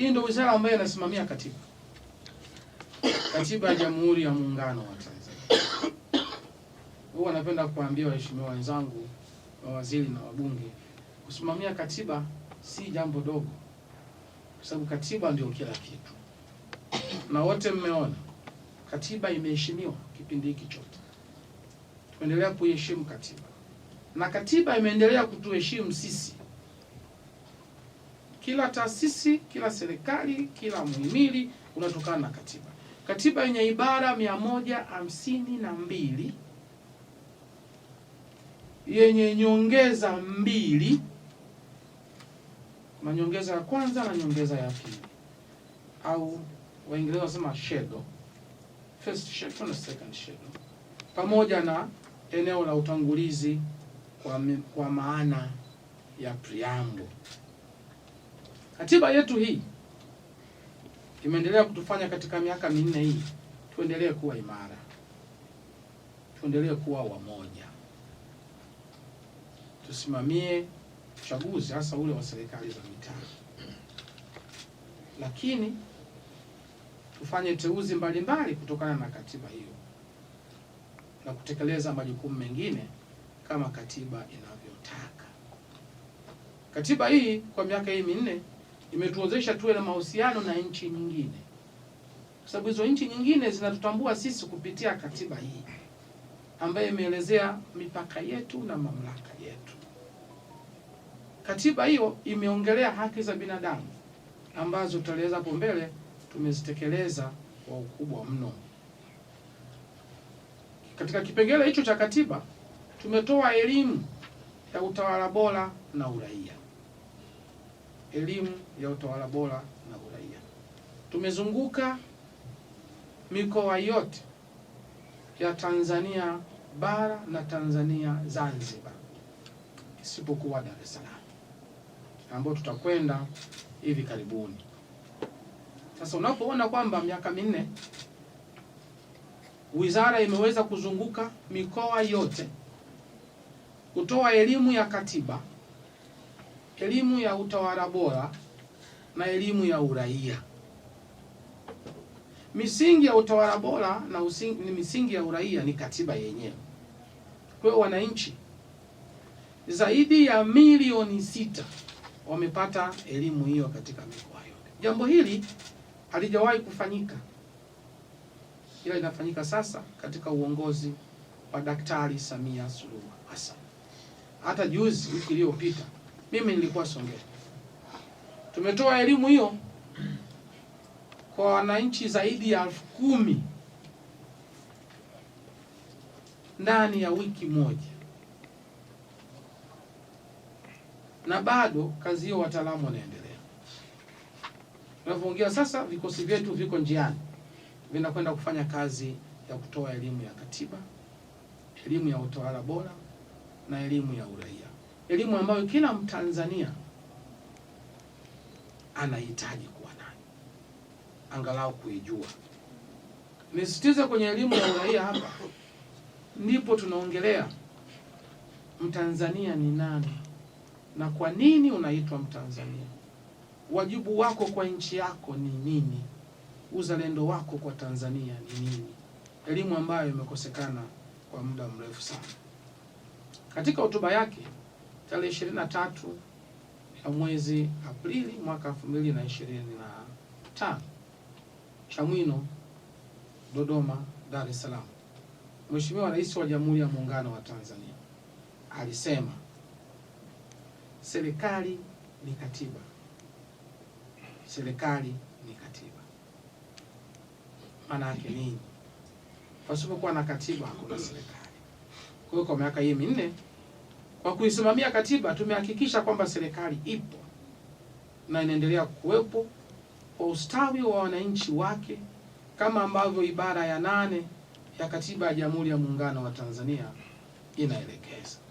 Hii ndio wizara ambayo inasimamia katiba, katiba ya Jamhuri ya Muungano wa Tanzania. Huwa napenda kuambia waheshimiwa wenzangu, mawaziri na wabunge, kusimamia katiba si jambo dogo, kwa sababu katiba ndio kila kitu, na wote mmeona katiba imeheshimiwa kipindi hiki chote, tuendelea kuheshimu katiba na katiba imeendelea kutuheshimu sisi kila taasisi, kila serikali, kila muhimili unatokana na katiba. Katiba yenye ibara mia moja hamsini na mbili yenye nyongeza mbili, na nyongeza ya kwanza na nyongeza ya pili, au Waingereza wanasema shadow, first shadow na second shadow, pamoja na eneo la utangulizi kwa, kwa maana ya preamble. Katiba yetu hii imeendelea kutufanya katika miaka minne hii tuendelee kuwa imara, tuendelee kuwa wamoja, tusimamie uchaguzi hasa ule wa serikali za mitaa, lakini tufanye teuzi mbalimbali kutokana na katiba hiyo na kutekeleza majukumu mengine kama katiba inavyotaka. Katiba hii kwa miaka hii minne imetuwezesha tuwe na mahusiano na nchi nyingine, kwa sababu hizo nchi nyingine zinatutambua sisi kupitia katiba hii ambayo imeelezea mipaka yetu na mamlaka yetu. Katiba hiyo imeongelea haki za binadamu ambazo tutaeleza hapo mbele, tumezitekeleza kwa ukubwa mno. Katika kipengele hicho cha katiba tumetoa elimu ya utawala bora na uraia elimu ya utawala bora na uraia. Tumezunguka mikoa yote ya Tanzania bara na Tanzania Zanzibar isipokuwa Dar es Salaam ambayo tutakwenda hivi karibuni. Sasa unapoona kwamba miaka minne wizara imeweza kuzunguka mikoa yote kutoa elimu ya katiba elimu ya utawala bora na elimu ya uraia. Misingi ya utawala bora na usingi, misingi ya uraia ni katiba yenyewe. Kwa hiyo wananchi zaidi ya milioni sita wamepata elimu hiyo katika mikoa yote. Jambo hili halijawahi kufanyika, ila inafanyika sasa katika uongozi wa Daktari Samia Suluhu Hassan. Hata juzi wiki iliyopita mimi nilikuwa Songea. Tumetoa elimu hiyo kwa wananchi zaidi ya elfu kumi ndani ya wiki moja, na bado kazi hiyo wataalamu wanaendelea. Tunavyoongea sasa, vikosi vyetu viko njiani, vinakwenda kufanya kazi ya kutoa elimu ya katiba, elimu ya utawala bora na elimu ya uraia elimu ambayo kila Mtanzania anahitaji kuwa nayo, angalau kuijua. nisitize kwenye elimu ya uraia, hapa ndipo tunaongelea Mtanzania ni nani na kwa nini unaitwa Mtanzania, wajibu wako kwa nchi yako ni nini, uzalendo wako kwa Tanzania ni nini, elimu ambayo imekosekana kwa muda mrefu sana. Katika hotuba yake tarehe 23 ya mwezi Aprili mwaka 2025, Chamwino, Dodoma, Dar es Salaam. Mheshimiwa Rais wa Jamhuri ya Muungano wa Tanzania alisema serikali ni katiba, serikali ni katiba. Maana yake nini? Pasipokuwa na katiba hakuna serikali. Kwa hiyo kwa miaka hii minne kwa kuisimamia katiba, tumehakikisha kwamba serikali ipo na inaendelea kuwepo kwa ustawi wa wananchi wake kama ambavyo ibara ya nane ya katiba ya Jamhuri ya Muungano wa Tanzania inaelekeza.